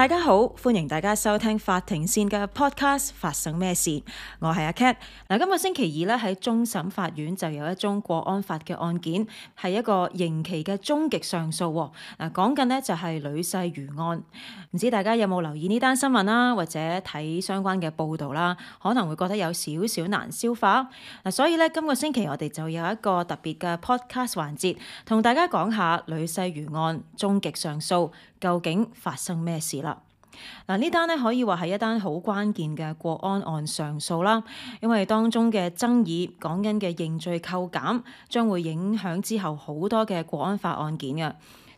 大家好，歡迎大家收聽法庭線嘅 podcast，法生咩事？我係阿 Cat。嗱，今個星期二咧喺終審法院就有一宗國安法嘅案件，係一個刑期嘅終極上訴。嗱，講緊呢就係呂世瑜案，唔知大家有冇留意呢單新聞啦，或者睇相關嘅報道啦，可能會覺得有少少難消化。嗱，所以咧今個星期我哋就有一個特別嘅 podcast 環節，同大家講下呂世瑜案終極上訴。究竟發生咩事啦？嗱，呢單呢可以話係一單好關鍵嘅國安案上訴啦，因為當中嘅爭議講緊嘅認罪扣減，將會影響之後好多嘅國安法案件嘅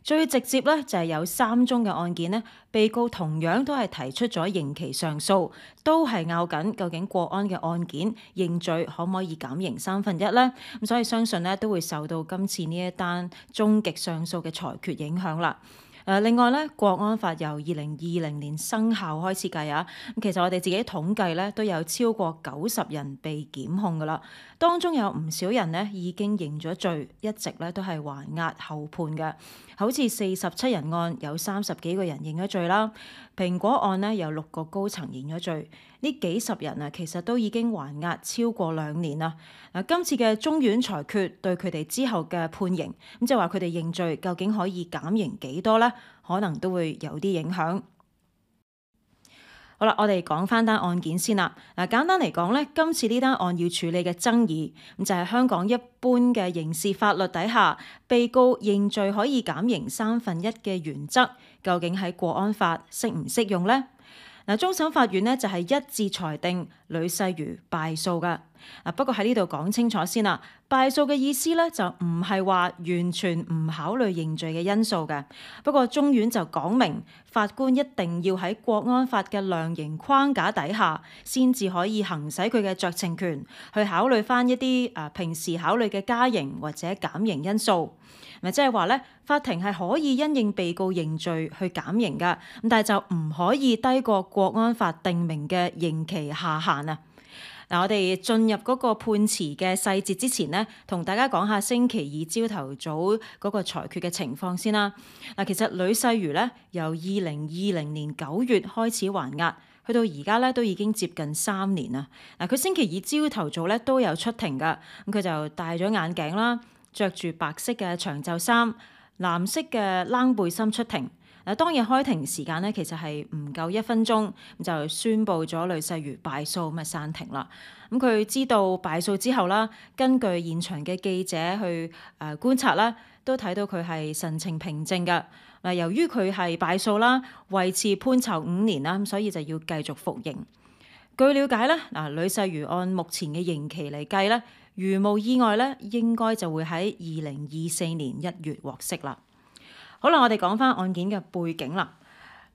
最直接咧，就係有三宗嘅案件呢，被告同樣都係提出咗刑期上訴，都係拗緊究竟國安嘅案件認罪可唔可以減刑三分一呢。咁所以相信呢，都會受到今次呢一單終極上訴嘅裁決影響啦。誒，另外咧，國安法由二零二零年生效開始計啊，咁其實我哋自己統計咧，都有超過九十人被檢控㗎喇。當中有唔少人咧已經認咗罪，一直咧都係還押後判嘅，好似四十七人案有三十幾個人認咗罪啦。蘋果案呢，有六個高層認咗罪，呢幾十人啊其實都已經還押超過兩年啦。嗱，今次嘅終院裁決對佢哋之後嘅判刑咁，即係話佢哋認罪究竟可以減刑幾多呢？可能都會有啲影響。好啦，我哋講翻單案件先啦。嗱，簡單嚟講咧，今次呢單案要處理嘅爭議，咁就係香港一般嘅刑事法律底下，被告認罪可以減刑三分一嘅原則，究竟喺國安法適唔適用呢？嗱，終審法院呢就係一致裁定呂世瑜敗訴噶。啊！不過喺呢度講清楚先啦，敗訴嘅意思咧就唔係話完全唔考慮認罪嘅因素嘅。不過終院就講明，法官一定要喺《國安法》嘅量刑框架底下，先至可以行使佢嘅酌情權去考慮返一啲啊平時考慮嘅加刑或者減刑因素。咪即係話咧，法庭係可以因應被告認罪去減刑嘅，咁但係就唔可以低過《國安法》訂明嘅刑期下限啊！嗱，我哋進入嗰個判詞嘅細節之前咧，同大家講下星期二朝頭早嗰個裁決嘅情況先啦。嗱，其實呂世如咧由二零二零年九月開始還押，去到而家咧都已經接近三年啦。嗱，佢星期二朝頭早咧都有出庭㗎，咁佢就戴咗眼鏡啦，着住白色嘅長袖衫、藍色嘅冷背心出庭。嗱，當日開庭時間咧，其實係唔夠一分鐘，就宣佈咗女勢如敗訴，咁咪散庭啦。咁佢知道敗訴之後啦，根據現場嘅記者去誒觀察咧，都睇到佢係神情平靜嘅。嗱，由於佢係敗訴啦，維持判囚五年啦，咁所以就要繼續服刑。據了解咧，嗱，女勢如按目前嘅刑期嚟計咧，如無意外咧，應該就會喺二零二四年一月獲釋啦。好啦，我哋講翻案件嘅背景啦。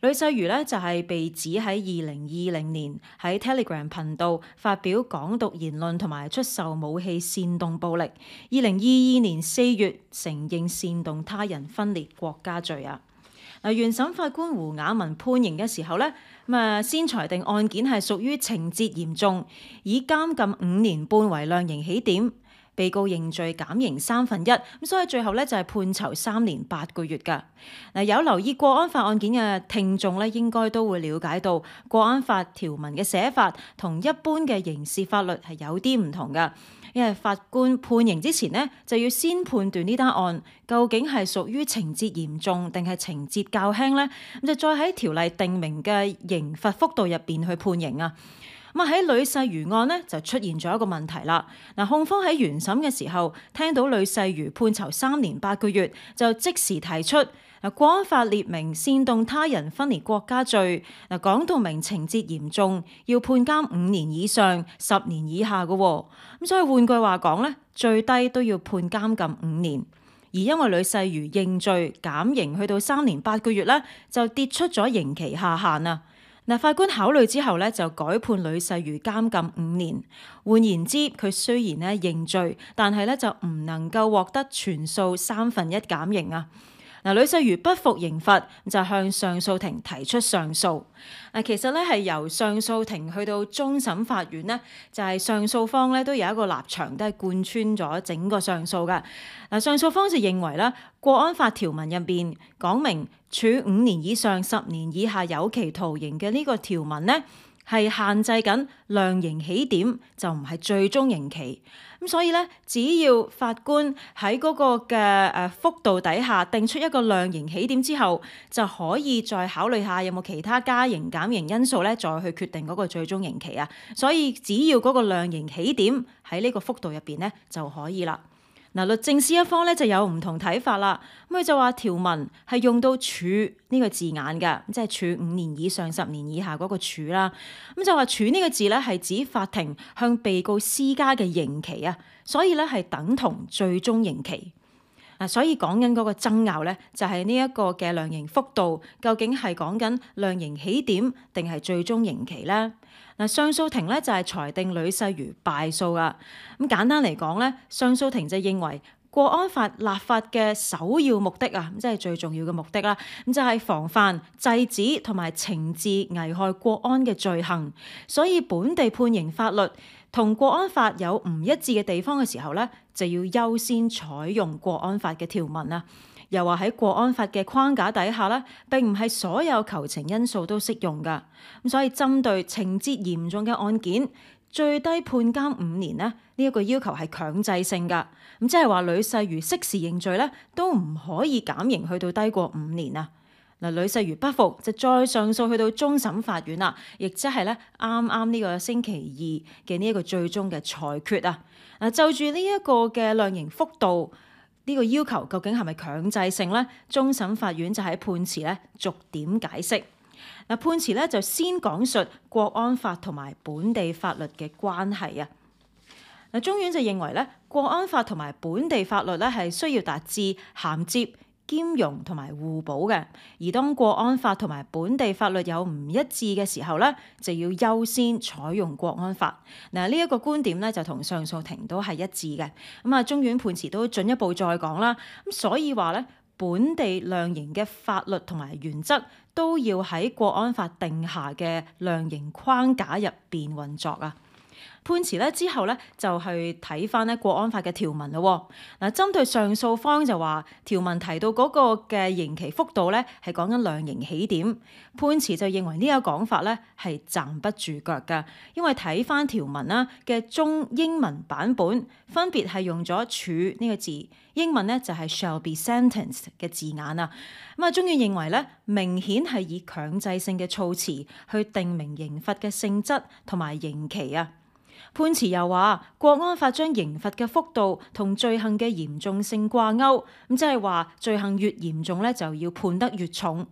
呂世瑜呢，就係被指喺二零二零年喺 Telegram 頻道發表港獨言論同埋出售武器煽動暴力。二零二二年四月，承認煽動他人分裂國家罪啊。啊，原審法官胡雅文判刑嘅時候呢，咁啊先裁定案件係屬於情節嚴重，以監禁五年半為量刑起點。被告認罪減刑三分一，咁所以最後咧就係判囚三年八個月嘅。嗱，有留意國安法案件嘅聽眾咧，應該都會了解到國安法條文嘅寫法同一般嘅刑事法律係有啲唔同嘅，因為法官判刑之前呢，就要先判斷呢單案究竟係屬於情節嚴重定係情節較輕呢，咁就再喺條例定明嘅刑罰幅度入邊去判刑啊。咁喺呂世瑜案呢，就出現咗一個問題啦。嗱，控方喺原審嘅時候聽到呂世瑜判囚三年八個月，就即時提出，啊，國安法列明煽動他人分裂國家罪，嗱講到明情節嚴重，要判監五年以上，十年以下嘅。咁所以換句話講咧，最低都要判監禁五年。而因為呂世瑜認罪減刑，去到三年八個月咧，就跌出咗刑期下限啊。嗱，法官考慮之後咧，就改判呂世瑜監禁五年。換言之，佢雖然咧認罪，但係咧就唔能夠獲得全數三分一減刑啊。嗱，呂世瑜不服刑罰，就向上訴庭提出上訴。誒，其實咧係由上訴庭去到終審法院呢就係、是、上訴方咧都有一個立場，都係貫穿咗整個上訴嘅。嗱，上訴方就認為咧，國安法條文入邊講明。處五年以上十年以下有期徒刑嘅呢個條文呢，係限制緊量刑起點，就唔係最終刑期。咁所以咧，只要法官喺嗰個嘅誒幅度底下定出一個量刑起點之後，就可以再考慮下有冇其他加刑減刑因素咧，再去決定嗰個最終刑期啊。所以只要嗰個量刑起點喺呢個幅度入邊呢，就可以啦。律政司一方咧就有唔同睇法啦。咁佢就話條文係用到處呢個字眼嘅，即係處五年以上十年以下嗰個處啦。咁就話處呢個字咧係指法庭向被告施加嘅刑期啊，所以咧係等同最終刑期。嗱，所以講緊嗰個爭拗咧就係呢一個嘅量刑幅度究竟係講緊量刑起點定係最終刑期咧？嗱，上訴庭咧就係裁定呂世瑜敗訴啦。咁簡單嚟講咧，上訴庭就認為國安法立法嘅首要目的啊，即係最重要嘅目的啦。咁就係防範、制止同埋懲治危害國安嘅罪行。所以本地判刑法律同國安法有唔一致嘅地方嘅時候咧，就要優先採用國安法嘅條文啦。又話喺國安法嘅框架底下咧，並唔係所有求情因素都適用噶。咁所以針對情節嚴重嘅案件，最低判監五年呢，呢一個要求係強制性噶。咁即係話呂世瑜適時認罪咧，都唔可以減刑去到低過五年啊。嗱，呂世瑜不服就再上訴去到終審法院啦，亦即係咧啱啱呢個星期二嘅呢一個最終嘅裁決啊。嗱，就住呢一個嘅量刑幅度。呢個要求究竟係咪強制性咧？終審法院就喺判詞咧逐點解釋。嗱，判詞咧就先講述國安法同埋本地法律嘅關係啊。嗱，終院就認為咧，國安法同埋本地法律咧係需要達至銜接。兼容同埋互補嘅，而當國安法同埋本地法律有唔一致嘅時候咧，就要優先採用國安法。嗱，呢一個觀點咧就同上訴庭都係一致嘅。咁啊，終院判詞都進一步再講啦。咁所以話咧，本地量刑嘅法律同埋原則都要喺國安法定下嘅量刑框架入邊運作啊。判詞咧之後咧就去睇翻咧《國安法》嘅條文咯。嗱，針對上訴方就話條文提到嗰個嘅刑期幅度咧係講緊量刑起點，判詞就認為個呢個講法咧係站不住腳嘅，因為睇翻條文啦嘅中英文版本分別係用咗處呢個字，英文咧就係 shall be sentenced 嘅字眼啊。咁啊，終院認為咧明顯係以強制性嘅措辭去訂明刑罰嘅性質同埋刑期啊。判詞又話：國安法將刑罰嘅幅度同罪行嘅嚴重性掛鈎，咁即係話罪行越嚴重咧，就要判得越重。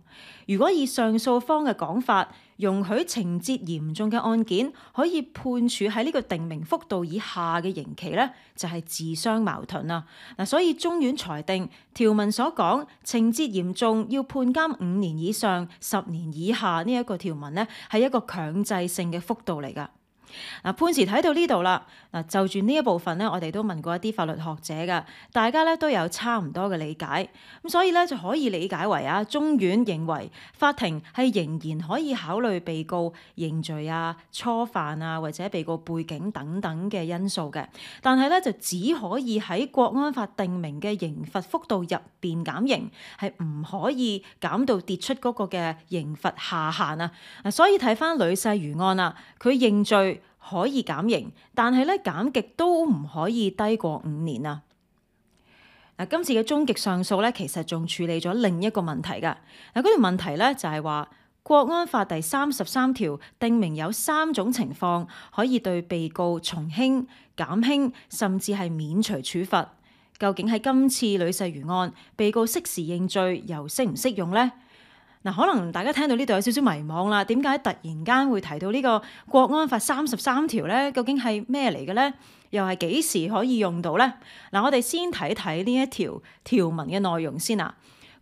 如果以上訴方嘅講法，容許情節嚴重嘅案件可以判處喺呢個訂明幅度以下嘅刑期咧，就係自相矛盾啦。嗱，所以中院裁定條文所講情節嚴重要判監五年以上十年以下呢一個條文呢，係一個強制性嘅幅度嚟噶。嗱，判詞睇到呢度啦，嗱就住呢一部分咧，我哋都問過一啲法律學者噶，大家咧都有差唔多嘅理解，咁所以咧就可以理解為啊，終院認為法庭係仍然可以考慮被告認罪啊、初犯啊或者被告背景等等嘅因素嘅，但係咧就只可以喺國安法定明嘅刑罰幅度入邊減刑，係唔可以減到跌出嗰個嘅刑罰下限啊，嗱所以睇翻呂世瑜案啊，佢認罪。可以減刑，但係咧減極都唔可以低過五年啊！嗱，今次嘅終極上訴咧，其實仲處理咗另一個問題嘅。嗱，嗰條問題咧就係、是、話《國安法》第三十三條定明有三種情況可以對被告從輕、減輕，甚至係免除處罰。究竟喺今次呂世瑜案，被告適時認罪，又適唔適用呢？嗱，可能大家聽到呢度有少少迷惘啦，點解突然間會提到呢個國安法三十三條咧？究竟係咩嚟嘅咧？又係幾時可以用到咧？嗱，我哋先睇睇呢一條條文嘅內容先啦。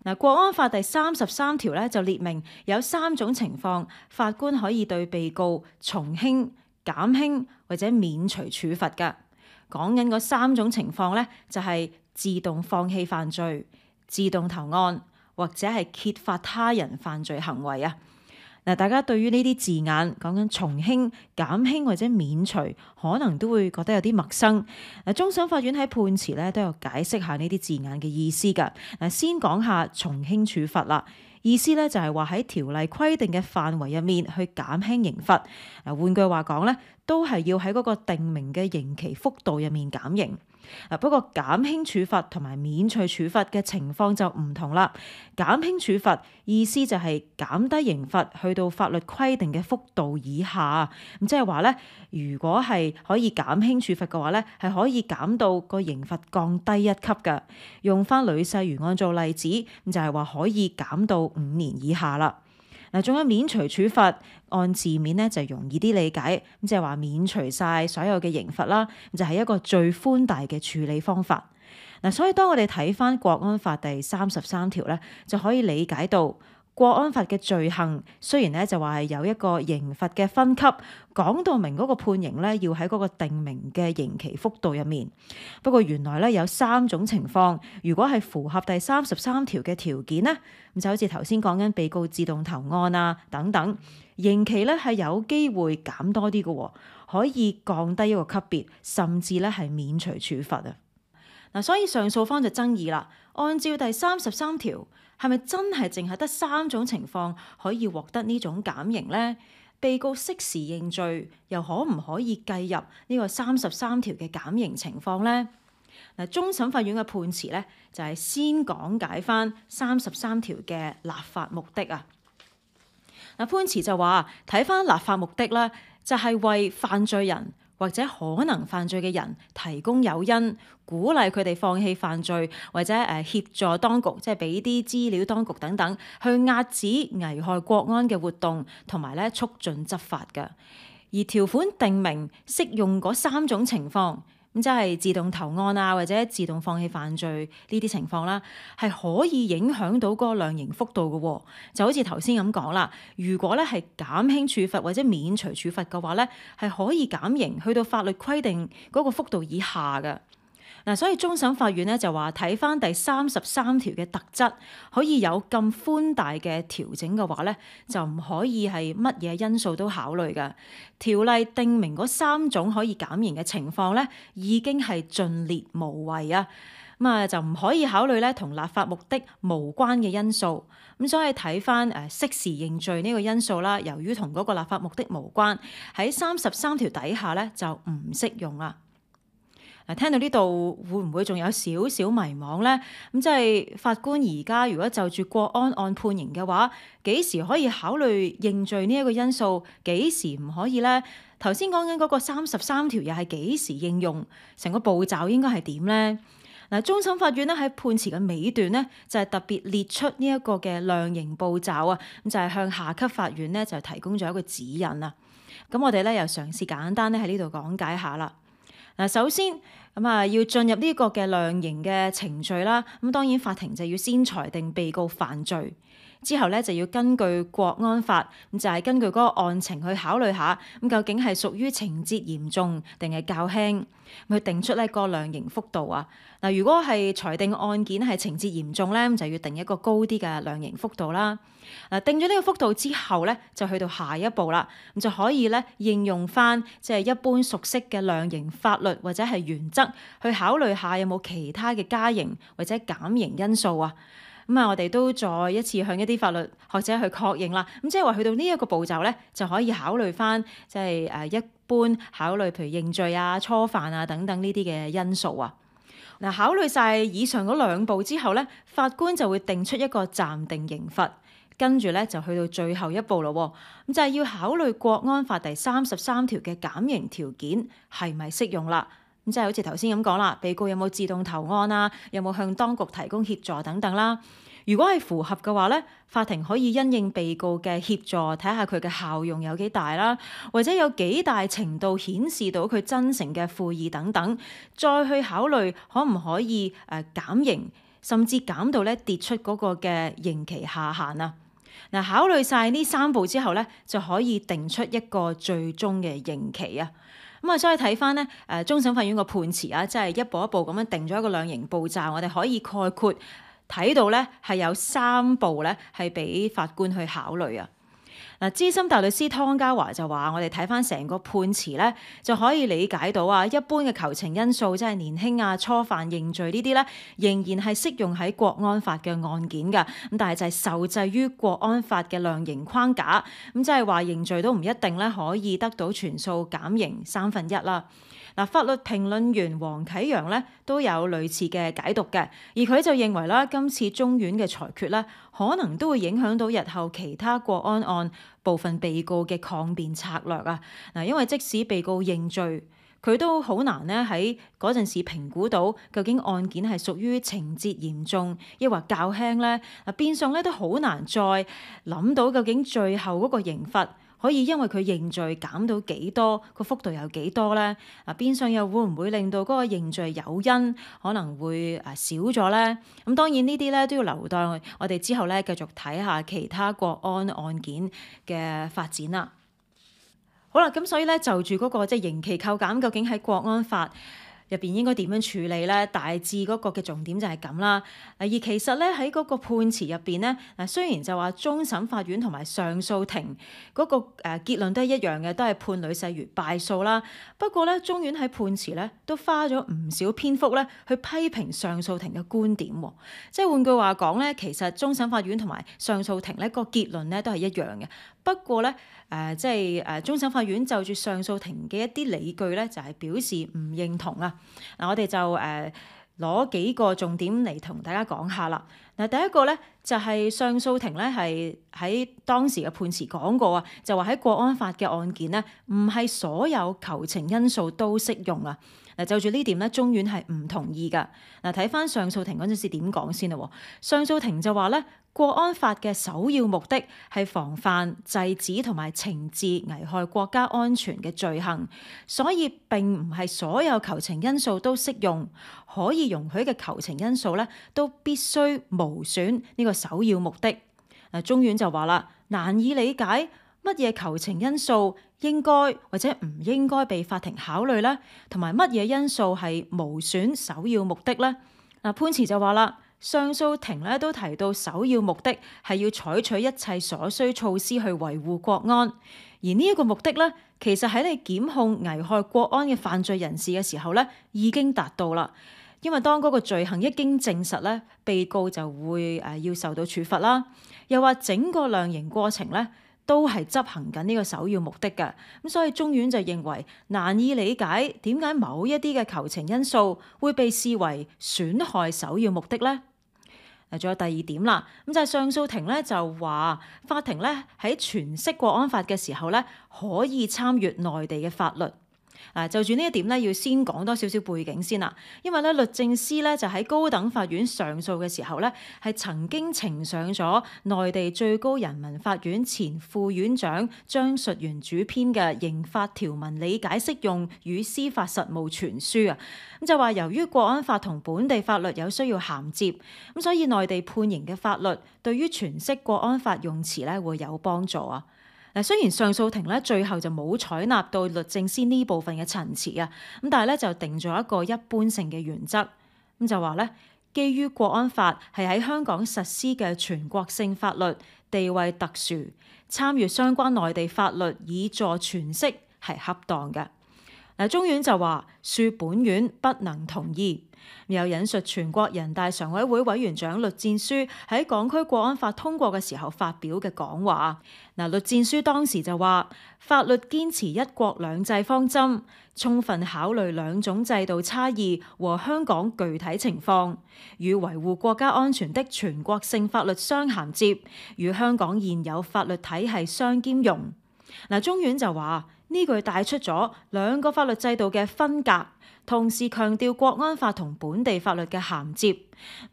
嗱，國安法第三十三條咧就列明有三種情況，法官可以對被告從輕、減輕或者免除處罰嘅。講緊嗰三種情況咧，就係自動放棄犯罪、自動投案。或者係揭發他人犯罪行為啊。嗱，大家對於呢啲字眼講緊從輕、減輕或者免除，可能都會覺得有啲陌生。嗱，終審法院喺判詞咧都有解釋下呢啲字眼嘅意思㗎。嗱，先講下從輕處罰啦，意思咧就係話喺條例規定嘅範圍入面去減輕刑罰。啊，換句話講咧，都係要喺嗰個訂明嘅刑期幅度入面減刑。啊，不過減輕處罰同埋免除處罰嘅情況就唔同啦。減輕處罰意思就係減低刑罰，去到法律規定嘅幅度以下。咁即係話咧，如果係可以減輕處罰嘅話咧，係可以減到個刑罰降低一級㗎。用返呂世瑜案做例子，咁就係話可以減到五年以下啦。嗱，仲有免除處罰，按字面咧就容易啲理解，咁即係話免除晒所有嘅刑罰啦，咁就係一個最寬大嘅處理方法。嗱，所以當我哋睇翻《國安法》第三十三條咧，就可以理解到。國安法嘅罪行雖然咧就話係有一個刑罰嘅分級，講到明嗰個判刑咧要喺嗰個定明嘅刑期幅度入面。不過原來咧有三種情況，如果係符合第三十三條嘅條件咧，咁就好似頭先講緊被告自動投案啊等等，刑期咧係有機會減多啲嘅，可以降低一個級別，甚至咧係免除處罰啊。嗱，所以上訴方就爭議啦。按照第三十三條，係咪真係淨係得三種情況可以獲得呢種減刑呢？被告適時認罪，又可唔可以計入呢個三十三條嘅減刑情況呢？嗱，終審法院嘅判詞咧，就係先講解翻三十三條嘅立法目的啊。嗱，判詞就話睇翻立法目的咧，就係為犯罪人，或者可能犯罪嘅人提供誘因，鼓勵佢哋放棄犯罪，或者誒協助當局，即係俾啲資料當局等等，去遏止危害國安嘅活動，同埋咧促進執法嘅。而條款定明適用嗰三種情況。咁即係自動投案啊，或者自動放棄犯罪呢啲情況啦，係可以影響到嗰個量刑幅度嘅喎。就好似頭先咁講啦，如果咧係減輕處罰或者免除處罰嘅話咧，係可以減刑去到法律規定嗰個幅度以下㗎。嗱，所以終審法院咧就話睇翻第三十三條嘅特質，可以有咁寬大嘅調整嘅話咧，就唔可以係乜嘢因素都考慮嘅。條例定明嗰三種可以減刑嘅情況咧，已經係盡列無遺啊。咁啊，就唔可以考慮咧同立法目的無關嘅因素。咁所以睇翻誒適時認罪呢個因素啦，由於同嗰個立法目的無關，喺三十三條底下咧就唔適用啦。嗱，聽到呢度會唔會仲有少少迷惘呢？咁即係法官而家如果就住國安案判刑嘅話，幾時可以考慮認罪呢一個因素？幾時唔可以呢？頭先講緊嗰個三十三條又係幾時應用？成個步驟應該係點呢？嗱，終審法院咧喺判詞嘅尾段咧，就係特別列出呢一個嘅量刑步驟啊，咁就係向下級法院咧就提供咗一個指引啊。咁我哋咧又嘗試簡單咧喺呢度講解下啦。嗱，首先咁啊，要進入呢個嘅量刑嘅程序啦。咁當然法庭就要先裁定被告犯罪，之後咧就要根據國安法，咁就係根據嗰個案情去考慮下，咁究竟係屬於情節嚴重定係較輕，去定出呢個量刑幅度啊。嗱，如果係裁定案件係情節嚴重咧，咁就要定一個高啲嘅量刑幅度啦。嗱，定咗呢個幅度之後咧，就去到下一步啦，咁就可以咧應用翻，即係一般熟悉嘅量刑法律或者係原則，去考慮下有冇其他嘅加刑或者減刑因素啊。咁啊，我哋都再一次向一啲法律學者去確認啦。咁即係話去到呢一個步驟咧，就可以考慮翻，即係誒一般考慮，譬如認罪啊、初犯啊等等呢啲嘅因素啊。嗱，考慮晒以上嗰兩步之後咧，法官就會定出一個暫定刑罰，跟住咧就去到最後一步咯。咁就係要考慮《國安法》第三十三條嘅減刑條件係咪適用啦。咁即係好似頭先咁講啦，被告有冇自動投案啊？有冇向當局提供協助等等啦？如果係符合嘅話咧，法庭可以因應被告嘅協助，睇下佢嘅效用有幾大啦，或者有幾大程度顯示到佢真誠嘅悔意等等，再去考慮可唔可以誒減刑，甚至減到咧跌出嗰個嘅刑期下限啊！嗱，考慮晒呢三步之後咧，就可以定出一個最終嘅刑期啊！咁啊，所以睇翻咧，誒終審法院個判詞啊，即係一步一步咁樣定咗一個量刑步驟，我哋可以概括睇到咧，係有三步咧係俾法官去考慮啊。嗱，資深大律師湯家驊就話，我哋睇翻成個判詞咧，就可以理解到啊，一般嘅求情因素，即係年輕啊、初犯認罪呢啲咧，仍然係適用喺國安法嘅案件㗎。咁但係就係受制於國安法嘅量刑框架，咁即係話認罪都唔一定咧可以得到全數減刑三分一啦。嗱，法律評論員黃啟揚咧都有類似嘅解讀嘅，而佢就認為啦，今次中院嘅裁決咧，可能都會影響到日後其他國安案部分被告嘅抗辯策略啊。嗱，因為即使被告認罪，佢都好難咧喺嗰陣時評估到究竟案件係屬於情節嚴重，抑或較輕咧。嗱，變相咧都好難再諗到究竟最後嗰個刑罰，可以因為佢認罪減到幾多，個幅度有幾多咧？啊，變相又會唔會令到嗰個認罪有因可能會啊少咗咧？咁當然呢啲咧都要留待我哋之後咧繼續睇下其他國安案件嘅發展啦。好啦，咁所以咧就住嗰、那個即係、就是、刑期扣減，究竟喺國安法入邊應該點樣處理咧？大致嗰個嘅重點就係咁啦。而其實咧喺嗰個判詞入邊咧，嗱雖然就話終審法院同埋上訴庭嗰個誒結論都係一樣嘅，都係判呂世瑜敗訴啦。不過咧，中院喺判詞咧都花咗唔少篇幅咧去批評上訴庭嘅觀點喎，即係換句話講咧，其實終審法院同埋上訴庭咧個結論咧都係一樣嘅。不過咧，誒、呃、即係誒、呃、中審法院就住上訴庭嘅一啲理據咧，就係、是、表示唔認同啊！嗱、啊，我哋就誒攞、呃、幾個重點嚟同大家講下啦。嗱，第一個咧就係、是、上訴庭咧係喺當時嘅判詞講過啊，就話喺國安法嘅案件咧，唔係所有求情因素都適用啊。嗱、啊，就住呢點咧，中院係唔同意噶。嗱、啊，睇翻上訴庭嗰陣時點講先啦、啊。上訴庭就話咧。《國安法》嘅首要目的係防範、制止同埋懲治危害國家安全嘅罪行，所以並唔係所有求情因素都適用。可以容許嘅求情因素咧，都必須無損呢個首要目的。嗱，終院就話啦，難以理解乜嘢求情因素應該或者唔應該被法庭考慮咧，同埋乜嘢因素係無損首要目的咧。嗱，潘治就話啦。上訴庭咧都提到首要目的係要採取一切所需措施去維護國安，而呢一個目的咧，其實喺你檢控危害國安嘅犯罪人士嘅時候咧已經達到啦。因為當嗰個罪行一經證實咧，被告就會誒要受到處罰啦。又話整個量刑過程咧都係執行緊呢個首要目的嘅，咁所以終院就認為難以理解點解某一啲嘅求情因素會被視為損害首要目的咧。仲有第二點啦，咁就係、是、上訴庭咧就話，法庭咧喺詮釋國安法嘅時候咧，可以參閱內地嘅法律。嗱，就住呢一點咧，要先講多少少背景先啦。因為咧，律政司咧就喺高等法院上訴嘅時候咧，係曾經呈上咗內地最高人民法院前副院長張述元主編嘅《刑法條文理解適用與司法實務全書》啊。咁就話由於國安法同本地法律有需要銜接，咁所以內地判刑嘅法律對於詮釋國安法用詞咧會有幫助啊。嗱，雖然上訴庭咧最後就冇採納到律政司呢部分嘅陳詞啊，咁但係咧就定咗一個一般性嘅原則，咁就話咧，基於國安法係喺香港實施嘅全國性法律，地位特殊，參與相關內地法律以助詮釋係恰當嘅。嗱，中院就話，恕本院不能同意，又引述全國人大常委會委員長栗戰書喺港區國安法通過嘅時候發表嘅講話。嗱，栗戰書當時就話，法律堅持一國兩制方針，充分考慮兩種制度差異和香港具體情況，與維護國家安全的全國性法律相銜接，與香港現有法律體係相兼容。嗱，中院就話，呢句帶出咗兩個法律制度嘅分隔，同時強調國安法同本地法律嘅銜接。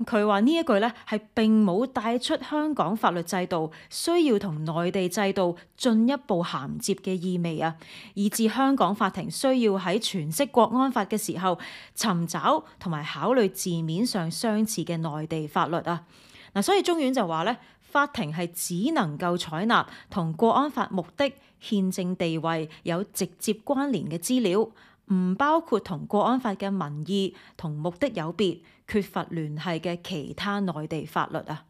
佢話呢一句咧係並冇帶出香港法律制度需要同內地制度進一步銜接嘅意味啊，以致香港法庭需要喺詮釋國安法嘅時候，尋找同埋考慮字面上相似嘅內地法律啊。嗱，所以終院就話咧，法庭係只能夠採納同國安法目的。憲政地位有直接關聯嘅資料，唔包括同《國安法》嘅民意同目的有別、缺乏聯繫嘅其他內地法律啊。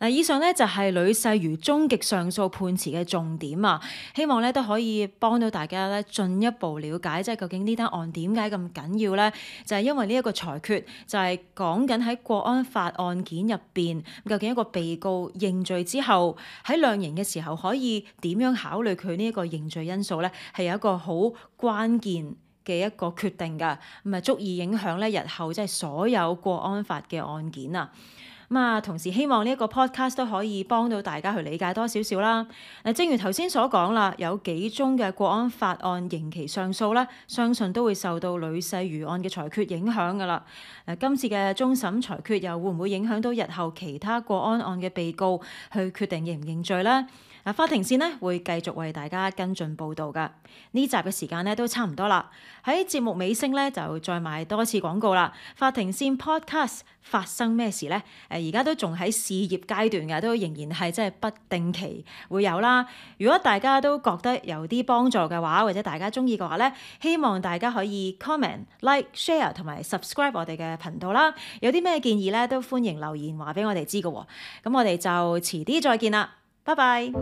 嗱，以上咧就係呂世瑜終極上訴判詞嘅重點啊！希望咧都可以幫到大家咧進一步了解，即係究竟么么呢單案點解咁緊要咧？就係、是、因為呢一個裁決就係講緊喺國安法案件入邊，究竟一個被告認罪之後喺量刑嘅時候可以點樣考慮佢呢一個認罪因素咧？係有一個好關鍵嘅一個決定噶，咁啊足以影響咧日後即係所有國安法嘅案件啊！咁啊，同時希望呢一個 podcast 都可以幫到大家去理解多少少啦。誒，正如頭先所講啦，有幾宗嘅國安法案刑期上訴咧，相信都會受到呂世瑜案嘅裁決影響㗎啦。誒，今次嘅終審裁決又會唔會影響到日後其他國安案嘅被告去決定認唔認罪呢？誒，法庭線呢會繼續為大家跟進報道㗎。呢集嘅時間呢都差唔多啦，喺節目尾聲咧就再賣多次廣告啦。法庭線 podcast 法生咩事呢？而家都仲喺試業階段嘅，都仍然係真係不定期會有啦。如果大家都覺得有啲幫助嘅話，或者大家中意嘅話咧，希望大家可以 comment、like、share 同埋 subscribe 我哋嘅頻道啦。有啲咩建議咧，都歡迎留言話俾我哋知嘅喎。咁我哋就遲啲再見啦，拜拜。